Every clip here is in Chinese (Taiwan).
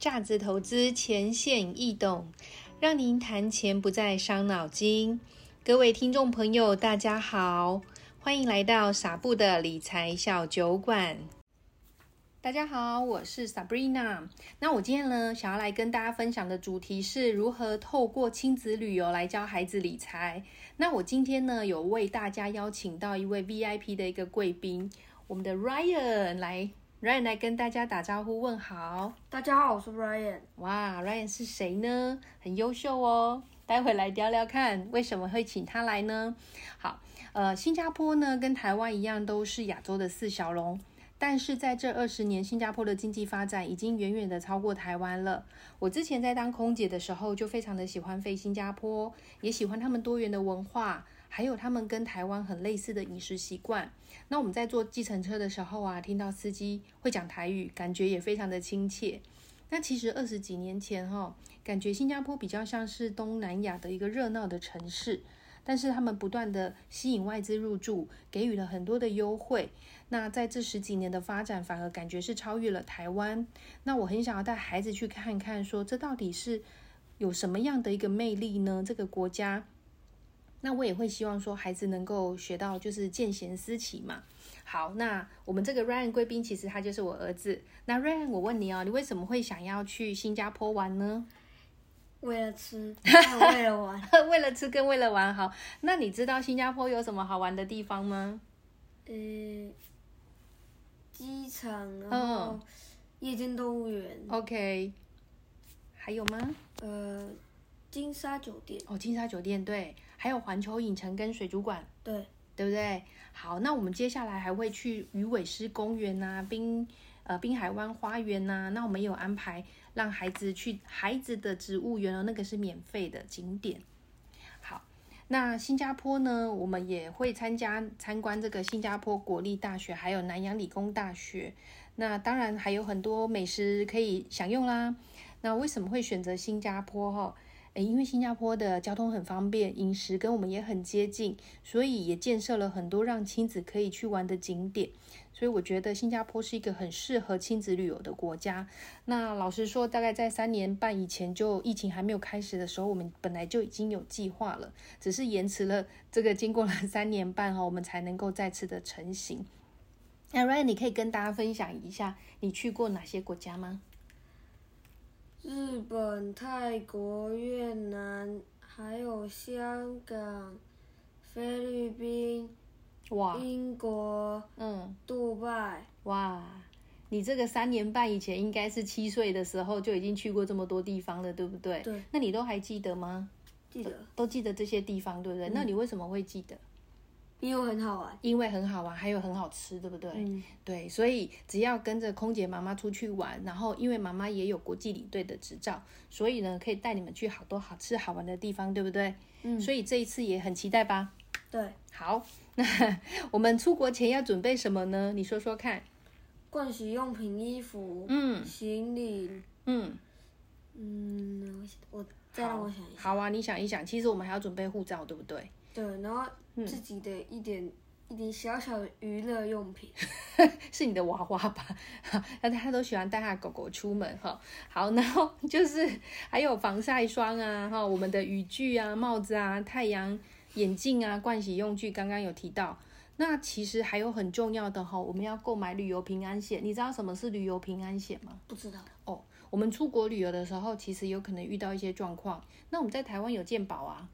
價值投資淺顯易懂，讓您談錢不再傷腦筋。各位聽眾朋友，大家好，歡迎來到撒布的理財小酒館。大家好，我是 Sabrina。那我今天呢，想要來跟大家分享的主題是如何透過親子旅遊來教孩子理財。那我今天呢，有為大家邀請到一位 VIP 的一個貴賓，我們的 Ryan 來。Ryan 來跟大家打招呼問好。大家好，我是 Ryan。哇，Ryan 是誰呢？很優秀哦，待會來聊聊看為什麼會請他來呢？好，呃，新加坡呢跟台灣一樣都是亞洲的四小龍，但是在這二十年，新加坡的經濟發展已經遠遠的超過台灣了。我之前在當空姐的時候就非常的喜歡飛新加坡，也喜歡他們多元的文化。還有他們跟台灣很類似的飲食習慣。那我們在坐計程車的時候啊，聽到司機會講台語，感覺也非常的親切。那其實二十幾年前哈、哦，感覺新加坡比較像是東南亞的一個熱鬧的城市。但是他們不斷的吸引外資入駐，給予了很多的優惠。那在這十幾年的發展，反而感覺是超越了台灣。那我很想要帶孩子去看一看，說這到底是有什麼樣的一個魅力呢？這個國家。那我也會希望說，孩子能夠學到就是見賢思齊嘛。好，那我們這個 Ryan 貴賓其實他就是我兒子。那 Ryan，我問你哦，你為什麼會想要去新加坡玩呢？為了吃，啊、為了玩， 為了吃跟為了玩。好，那你知道新加坡有什麼好玩的地方嗎？呃，機場，哦，夜間動物園。哦、OK，還有嗎？呃，金沙酒店。哦，金沙酒店，對。還有環球影城跟水族館，對，對不對？好，那我們接下來還會去魚尾獅公園吶、啊，濱呃濱海灣花園吶、啊，那我們有安排讓孩子去孩子的植物園哦，那個是免費的景點。好，那新加坡呢，我們也會參加參觀這個新加坡國立大學，還有南洋理工大學。那當然還有很多美食可以享用啦。那為什麼會選擇新加坡哈？因為新加坡的交通很方便，飲食跟我們也很接近，所以也建設了很多讓親子可以去玩的景點。所以我覺得新加坡是一個很適合親子旅遊的國家。那老實說，大概在三年半以前就疫情還沒有開始的時候，我們本來就已經有計劃了，只是延遲了。這個經過了三年半哈，我們才能夠再次的成行。Ryan，你可以跟大家分享一下你去過哪些國家嗎？日本、泰國、越南，還有香港、菲律賓、哇、英國、嗯、杜拜。哇，你這個三年半以前應該是七歲的時候就已經去過這麼多地方了，對不對？對。那你都還記得嗎？記得，都記得這些地方，對不對？嗯、那你為什麼會記得？因為很好玩，因為很好玩，還有很好吃，對不對？嗯，對，所以只要跟着空姐媽媽出去玩，然後因為媽媽也有國際領隊的執照，所以呢可以帶你們去好多好吃好玩的地方，對不對？嗯，所以這一次也很期待吧？對，好，那我們出國前要準備什麼呢？你說說看。盥洗用品、衣服，嗯，行李，嗯嗯，我再讓我想一下。好，好啊，你想一想，其實我們還要準備護照，對不對？對，然後自己的一點、嗯、一點小小的娛樂用品， 是你的娃娃吧？哈，那他都喜歡帶他狗狗出門，哈、哦。好，然後就是還有防曬霜啊，哈、哦，我們的雨具啊、帽子啊、太陽眼鏡啊、盥洗用具，剛剛有提到。那其實還有很重要的哈、哦，我們要購買旅遊平安險。你知道什麼是旅遊平安險嗎？不知道哦。Oh, 我們出國旅遊的時候，其實有可能遇到一些狀況。那我們在台灣有健保啊。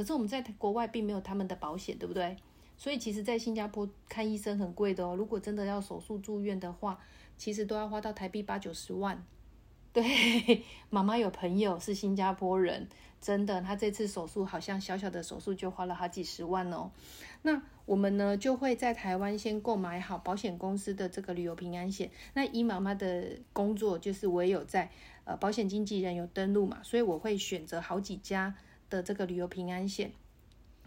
可是我們在國外並沒有他們的保險，對不對？所以其實，在新加坡看醫生很貴的哦。如果真的要手術住院的話，其實都要花到台幣八九十萬。對，媽媽有朋友是新加坡人，真的，她這次手術好像小小的手術就花了好幾十萬哦。那我們呢就會在台灣先購買好保險公司的這個旅遊平安險。那依媽媽的工作，就是我也有在呃保險經紀人有登錄嘛，所以我會選擇好幾家的這個旅遊平安險，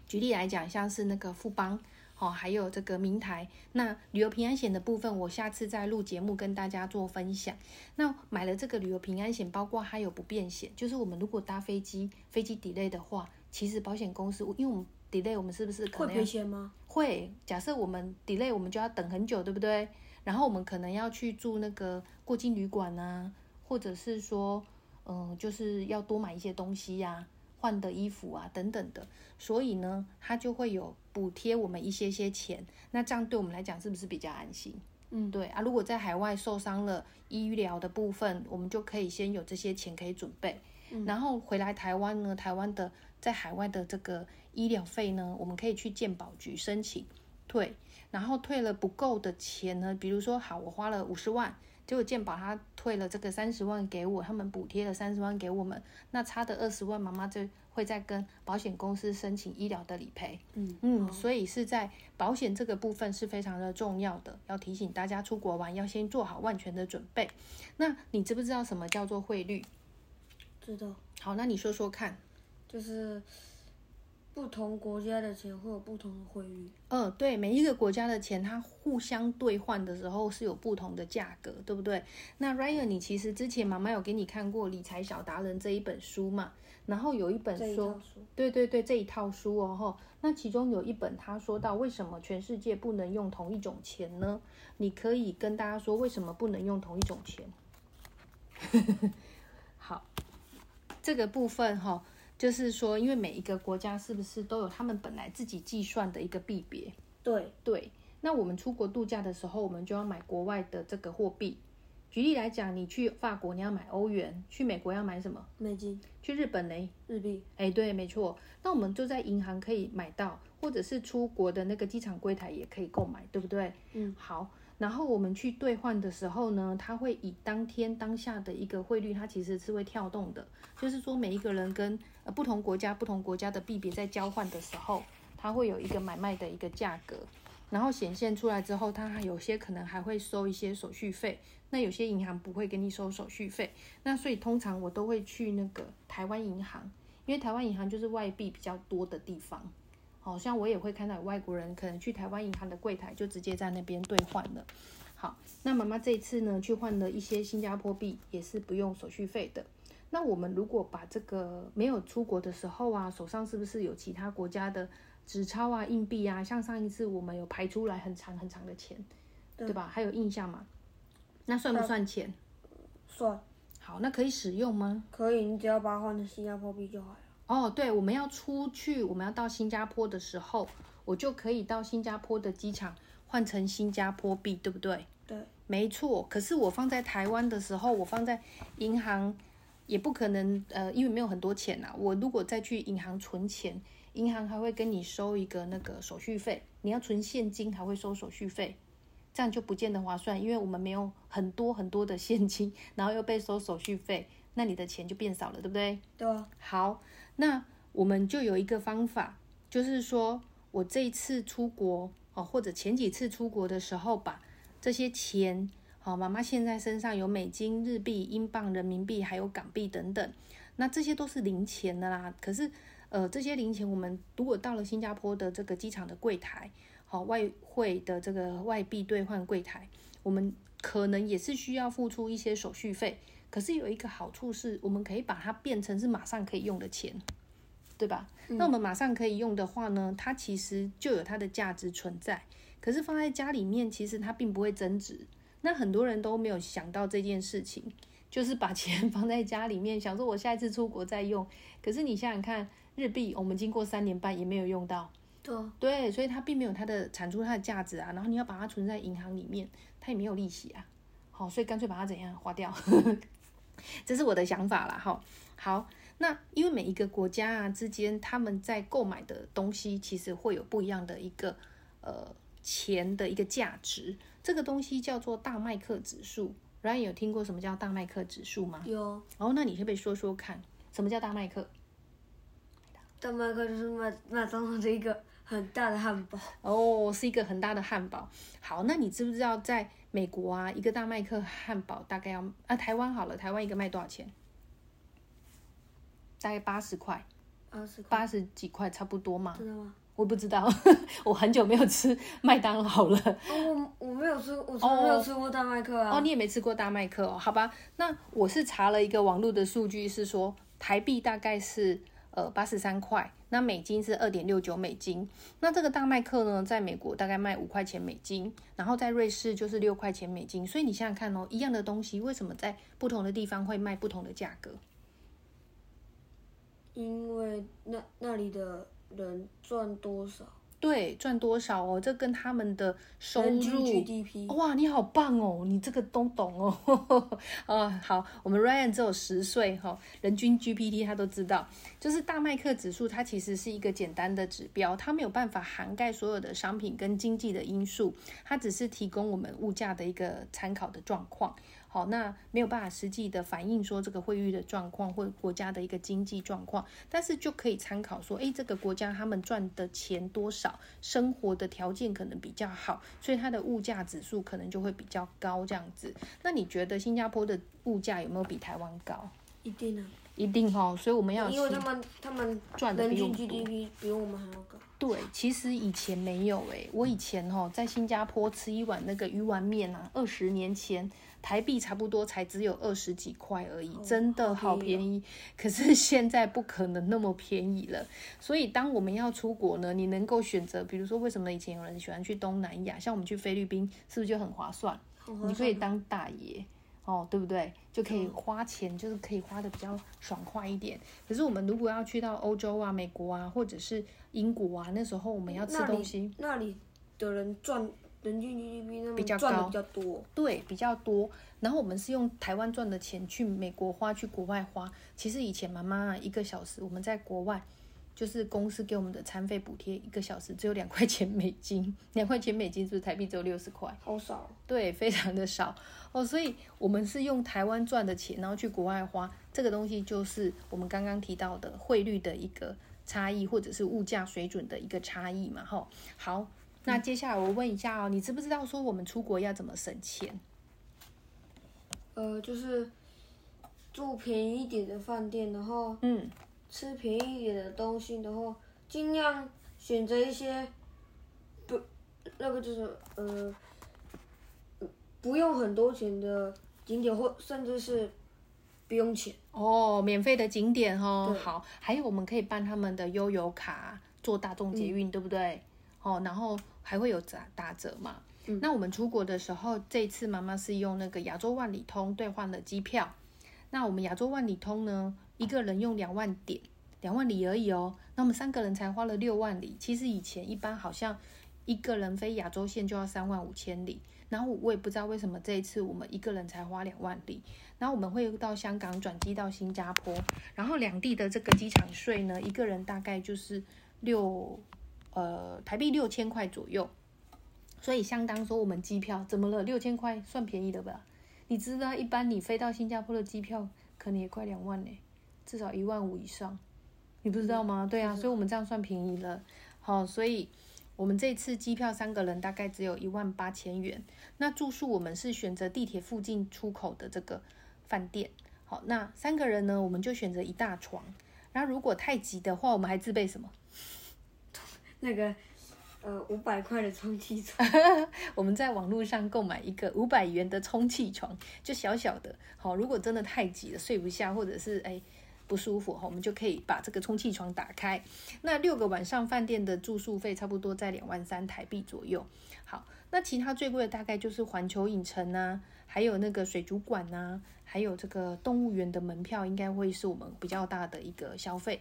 舉例來講，像是那個富邦，好、哦，還有這個明台。那旅遊平安險的部分，我下次再錄節目跟大家做分享。那買了這個旅遊平安險，包括它有不便險，就是我們如果搭飛機，飛機 delay 的話，其實保險公司因為我們 delay，我們是不是可能會賠錢嗎？會，假設我們 delay，我們就要等很久，對不對？然後我們可能要去住那個過境旅館啊，或者是說，嗯，就是要多買一些東西呀、啊。換的衣服啊，等等的，所以呢，它就會有補貼我們一些些錢。那這樣對我們來講，是不是比較安心？嗯，對啊。如果在海外受傷了，醫療的部分，我們就可以先有這些錢可以準備、嗯。然後回來台灣呢，台灣的在海外的這個醫療費呢，我們可以去健保局申請退。然後退了不夠的錢呢，比如說，好，我花了五十萬。就健保他退了這個三十萬給我，他們補貼了三十萬給我們，那差的二十萬媽媽就會再跟保險公司申請醫療的理賠。嗯嗯，哦，所以是在保險這個部分是非常的重要的，要提醒大家出國玩要先做好萬全的準備。那你知不知道什麼叫做匯率？知道。好，那你說說看，就是。不同國家的錢會有不同的匯率。嗯、呃，對，每一個國家的錢，它互相兌換的時候是有不同的價格，對不對？那 Ryan，你其實之前媽媽有給你看過《理財小達人》這一本書嘛？然後有一本說一書，對對對，這一套書哦。哈，那其中有一本，他說到為什麼全世界不能用同一種錢呢？你可以跟大家說為什麼不能用同一種錢？ 好，這個部分哈。就是說，因為每一個國家是不是都有他們本來自己計算的一個幣別？對對。那我們出國度假的時候，我們就要買國外的這個貨幣。舉例來講，你去法國，你要買歐元；去美國要買什麼？美金。去日本呢？日幣。哎、欸，對，沒錯。那我們就在銀行可以買到，或者是出國的那個機場櫃檯也可以購買，對不對？嗯，好。然後我們去兌換的時候呢，它會以當天當下的一個匯率，它其實是會跳動的。就是說，每一個人跟，呃，不同國家、不同國家的幣別在交換的時候，它會有一個買賣的一個價格。然後顯現出來之後，它有些可能還會收一些手續費。那有些銀行不會給你收手續費。那所以通常我都會去那個台灣銀行，因為台灣銀行就是外幣比較多的地方。好像我也會看到有外國人可能去台灣銀行的櫃台就直接在那邊兌換了。好，那媽媽這一次呢去換了一些新加坡幣，也是不用手續費的。那我們如果把這個沒有出國的時候啊，手上是不是有其他國家的紙鈔啊、硬幣啊？像上一次我們有排出來很長很長的錢對，對吧？還有印象嗎？那算不算錢？算。好，那可以使用嗎？可以，你只要把它換成新加坡幣就好了。哦，對，我們要出去，我們要到新加坡的時候，我就可以到新加坡的機場換成新加坡幣，對不對？對，沒錯。可是我放在台灣的時候，我放在銀行也不可能，呃，因為沒有很多錢吶。我如果再去銀行存錢，銀行還會跟你收一個那個手續費，你要存現金還會收手續費，這樣就不見得划算。因為我們沒有很多很多的現金，然後又被收手續費，那你的錢就變少了，對不對？對，好。那我們就有一個方法，就是說我這一次出國哦，或者前幾次出國的時候，把這些錢，好，媽媽現在身上有美金、日幣、英鎊、人民幣，還有港幣等等，那這些都是零錢的啦。可是，呃，這些零錢，我們如果到了新加坡的這個機場的櫃檯，好，外匯的這個外幣兌換櫃檯，我們可能也是需要付出一些手續費。可是有一個好處是，我們可以把它變成是馬上可以用的錢，對吧？嗯。那我們馬上可以用的話呢，它其實就有它的價值存在。可是放在家裡面，其實它並不會增值。那很多人都沒有想到這件事情，就是把錢放在家裡面，想說我下一次出國再用。可是你想想看，日幣我們經過三年半也沒有用到，對，對，所以它並沒有它的產出它的價值啊。然後你要把它存在銀行裡面，它也沒有利息啊。好，所以乾脆把它怎樣花掉。 這是我的想法了哈。好，那因為每一個國家啊之間，他們在購買的東西其實會有不一樣的一個呃錢的一個價值。這個東西叫做大麥克指數。Ryan 有聽過什麼叫大麥克指數嗎？有。然、哦、後那你可不可以說說看，什麼叫大麥克？大麥克就是麥麥當中的一個很大的漢堡。哦，是一個很大的漢堡。好，那你知不知道在？美國啊，一個大麥克漢堡大概要啊，台灣好了，台灣一個賣多少錢？大概八十塊，八十塊，八十幾塊，差不多嘛？真的嗎？我不知道，呵呵我很久沒有吃麥當勞了。哦，我，我沒有吃，我從來沒有吃過大麥克啊哦。哦，你也沒吃過大麥克哦？好吧，那我是查了一個網絡的數據，是說台幣大概是。呃，八十三塊，那美金是二點六九美金。那這個大麥克呢，在美國大概賣五塊錢美金，然後在瑞士就是六塊錢美金。所以你想想看哦，一樣的東西，為什麼在不同的地方會賣不同的價格？因為那那裡的人賺多少？對，賺多少哦？這跟他們的收入，GDP。哇，你好棒哦！你這個都懂哦。呵呵啊、好，我們 Ryan 只有十歲哈、哦，人均 GDP 他都知道，就是大麥克指數，它其實是一個簡單的指標，它沒有辦法涵蓋所有的商品跟經濟的因素，它只是提供我們物價的一個參考的狀況。好，那沒有辦法實際的反映說這個匯率的狀況或國家的一個經濟狀況，但是就可以參考說，哎、欸，這個國家他們賺的錢多少，生活的條件可能比較好，所以它的物價指數可能就會比較高這樣子。那你覺得新加坡的物價有沒有比台灣高？一定啊，一定哈、喔。所以我們要因為他們他們賺的比我們多，人均 GDP 比我們還要高。對，其實以前沒有哎、欸，我以前哈、喔，在新加坡吃一碗那個魚丸麵啊，二十年前。台幣差不多才只有二十幾塊而已，哦，真的好便宜，好便宜哦。可是現在不可能那麼便宜了，所以當我們要出國呢，你能夠選擇，比如說為什麼以前有人喜歡去東南亞，像我們去菲律賓，是不是就很划算？划算。你可以當大爺哦，對不對？就可以花錢，就是可以花得比較爽快一點。可是我們如果要去到歐洲啊、美國啊，或者是英國啊，那時候我們要吃東西，那裡的人賺。人均 GDP 那麼賺的比較多比較高。對，比較多。然後我們是用台灣賺的錢去美國花，去國外花。其實以前媽媽啊，一個小時，我們在國外就是公司給我們的餐費補貼，一個小時只有兩塊錢美金，兩塊錢美金是不是台幣只有六十塊？好少。對，非常的少哦。所以我們是用台灣賺的錢，然後去國外花。這個東西就是我們剛剛提到的匯率的一個差異，或者是物價水準的一個差異嘛。哈，好。那接下來我問一下哦，你知不知道說我們出國要怎麼省錢？呃，就是住便宜一點的飯店，然後嗯，吃便宜一點的東西，然後盡量選擇一些不，那個就是呃，不用很多錢的景點，或甚至是不用錢哦，免費的景點哦。好，還有我們可以辦他們的悠遊卡，坐大眾捷運，對不對？哦，然後。還會有打打折嗎？嗯。那我們出國的時候，這一次媽媽是用那個亞洲萬里通兌換了機票。那我們亞洲萬里通呢，一個人用兩萬點，兩萬里而已哦。那麼三個人才花了六萬里。其實以前一般好像一個人飛亞洲線就要三萬五千里。然後我也不知道為什麼這一次我們一個人才花兩萬里。然後我們會到香港轉機到新加坡，然後兩地的這個機場稅呢，一個人大概就是六。呃，台幣六千塊左右，所以相當說我們機票怎麼了？六千塊算便宜的吧？你知道，一般你飛到新加坡的機票可能也快兩萬呢，欸，至少一萬五以上，你不知道嗎？對啊，是是，所以我們這樣算便宜了。好，所以我們這次機票三個人大概只有一萬八千元。那住宿我們是選擇地鐵附近出口的這個飯店。好，那三個人呢，我們就選擇一大床。然後如果太擠的話，我們還自備什麼？那個呃五百塊的充氣床， 我們在網絡上購買一個五百元的充氣床，就小小的。好，哦，如果真的太擠了，睡不下，或者是誒不舒服，哦，我們就可以把這個充氣床打開。那六個晚上飯店的住宿費差不多在兩萬三台幣左右。好，那其他最貴的大概就是環球影城吶，啊，還有那個水族館吶，啊，還有這個動物園的門票，應該會是我們比較大的一個消費。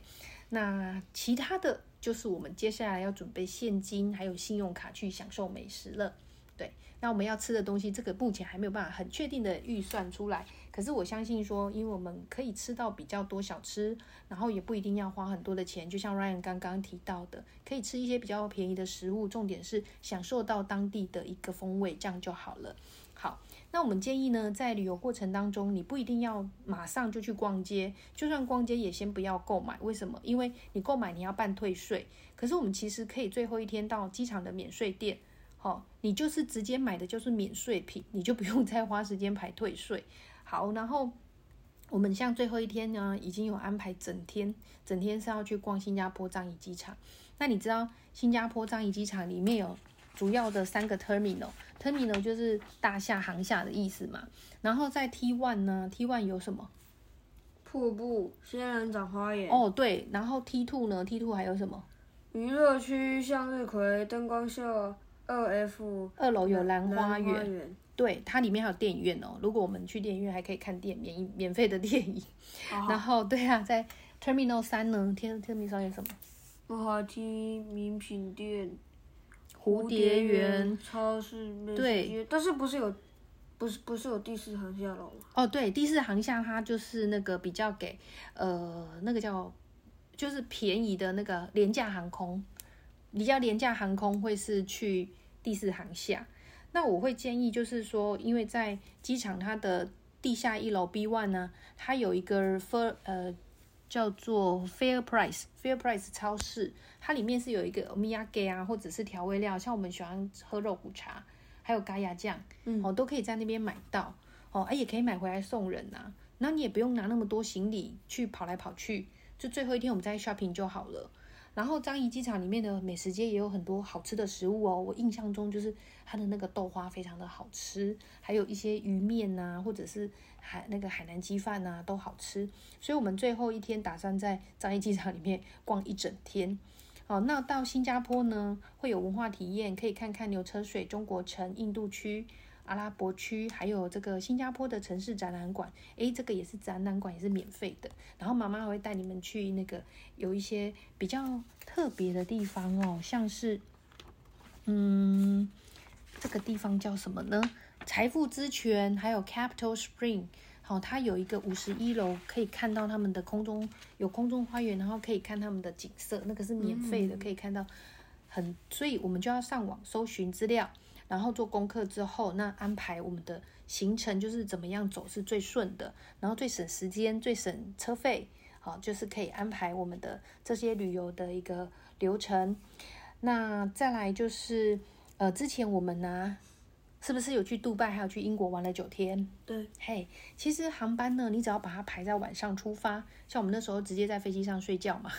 那其他的就是我們接下來要準備現金，還有信用卡去享受美食了。對，那我們要吃的東西，這個目前還沒有辦法很確定的預算出來。可是我相信說，因為我們可以吃到比較多小吃，然後也不一定要花很多的錢。就像 Ryan 剛剛提到的，可以吃一些比較便宜的食物，重點是享受到當地的一個風味，這樣就好了。好。那我們建議呢，在旅遊過程當中，你不一定要馬上就去逛街，就算逛街也先不要購買。為什麼？因為你購買你要辦退稅，可是我們其實可以最後一天到機場的免稅店，好，哦，你就是直接買的就是免稅品，你就不用再花時間排退稅。好，然後我們像最後一天呢，已經有安排，整天整天是要去逛新加坡樟宜機場。那你知道新加坡樟宜機場裡面有？主要的三個 terminal，terminal terminal 就是大廈、航廈的意思嘛。然後在 T one 呢，T one 有什麼？瀑布、仙人掌花園。哦，對。然後 T two 呢，T two 還有什麼？娛樂區、向日葵、燈光秀。LF, 二 F 二樓有蘭花園。對，它裡面還有電影院哦、喔。如果我們去電影院，還可以看電免免費的電影、啊。然後，對啊，在 terminal 三呢，天 terminal 上有什麼？我好聽名品店。蝴蝶園超市對，但是不是有，不是不是有第四航廈了哦，對，第四航廈它就是那個比較給，呃，那個叫，就是便宜的那個廉價航空，比較廉價航空會是去第四航廈。那我會建議就是說，因為在機場它的地下一樓 B one 呢，它有一個 fer, 呃。叫做 Fair Price，Fair Price 超市，它裡面是有一個 omiyage 啊，或者是調味料，像我們喜歡喝肉骨茶，還有咖椰醬，嗯，哦，都可以在那邊買到，哦，哎、啊，也可以買回來送人吶、啊，然後你也不用拿那麼多行李去跑來跑去，就最後一天我們在 shopping 就好了。然後樟宜機場裡面的美食街也有很多好吃的食物哦，我印象中就是它的那個豆花非常的好吃，還有一些魚麵吶、啊，或者是海那個海南雞飯吶、啊，都好吃。所以我們最後一天打算在樟宜機場裡面逛一整天。好，那到新加坡呢，會有文化體驗，可以看看牛車水、中國城、印度區。阿拉伯區，還有這個新加坡的城市展覽館，哎、欸，這個也是展覽館，也是免費的。然後媽媽還會帶你們去那個有一些比較特別的地方哦，像是，嗯，這個地方叫什麼呢？財富之泉，還有 Capital Spring、哦。好，它有一個五十一樓，可以看到他們的空中有空中花園，然後可以看他們的景色，那個是免費的，嗯嗯可以看到很，所以我們就要上網搜尋資料。然後做功課之後，那安排我們的行程就是怎麼樣走是最順的，然後最省時間、最省車費，好，就是可以安排我們的這些旅遊的一個流程。那再來就是，呃，之前我們呢、啊，是不是有去杜拜，還有去英國玩了九天？對，嘿、hey，其實航班呢，你只要把它排在晚上出發，像我們那時候直接在飛機上睡覺嘛，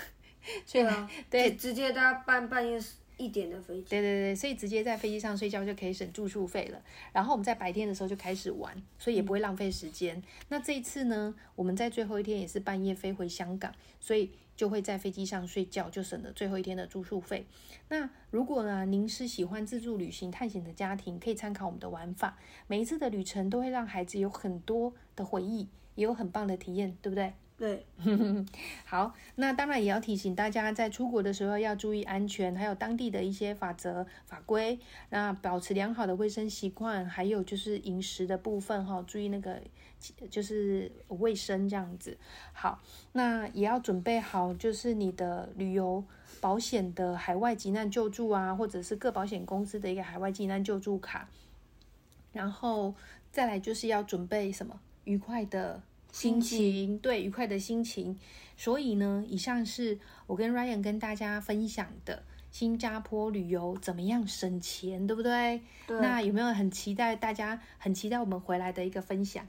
對、啊、 對，直接在半半夜，一點的飛機，對對對，所以直接在飛機上睡覺就可以省住宿費了。然後我們在白天的時候就開始玩，所以也不會浪費時間。那這一次呢，我們在最後一天也是半夜飛回香港，所以就會在飛機上睡覺，就省了最後一天的住宿費。那如果呢，您是喜歡自助旅行探險的家庭，可以參考我們的玩法。每一次的旅程都會讓孩子有很多的回憶，也有很棒的體驗，對不對？對，哼哼哼，好，那當然也要提醒大家，在出國的時候要注意安全，還有當地的一些法則法規。那保持良好的衛生習慣，還有就是飲食的部分哈、哦，注意那個就是衛生這樣子。好，那也要準備好，就是你的旅游保險的海外急難救助啊，或者是各保險公司的一個海外急難救助卡。然後再來就是要準備什麼？愉快的。心情，心情對，愉快的心情。所以呢，以上是我跟 Ryan 跟大家分享的新加坡旅遊怎麼樣省錢，對不對？對。那有沒有很期待大家，很期待我們回來的一個分享？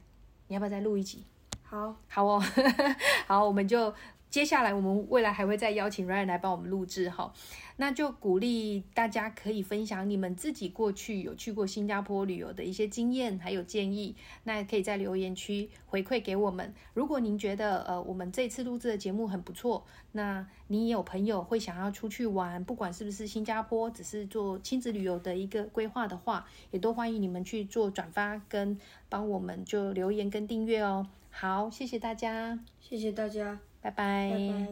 你要不要再錄一集？好，好哦， 好，我們就。接下來我們未來還會再邀請 Ryan 來幫我們錄製，好，那就鼓勵大家可以分享你們自己過去有去過新加坡旅遊的一些經驗，還有建議，那也可以在留言區回饋給我們。如果您覺得呃我們這次錄製的節目很不錯，那你也有朋友會想要出去玩，不管是不是新加坡，只是做親子旅遊的一個規劃的話，也都歡迎你們去做轉發跟幫我們就留言跟訂閱哦。好，謝謝大家，謝謝大家。Bye bye 拜拜。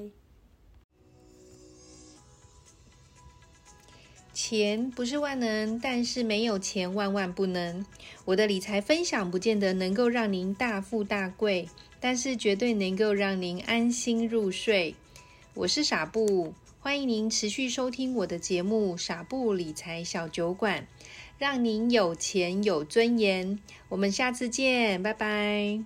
錢不是萬能，但是沒有錢萬萬不能。我的理財分享不見得能夠讓您大富大貴，但是絕對能夠讓您安心入睡。我是傻布，歡迎您持續收聽我的節目《傻布理財小酒館》，讓您有錢有尊嚴。我們下次見，拜拜。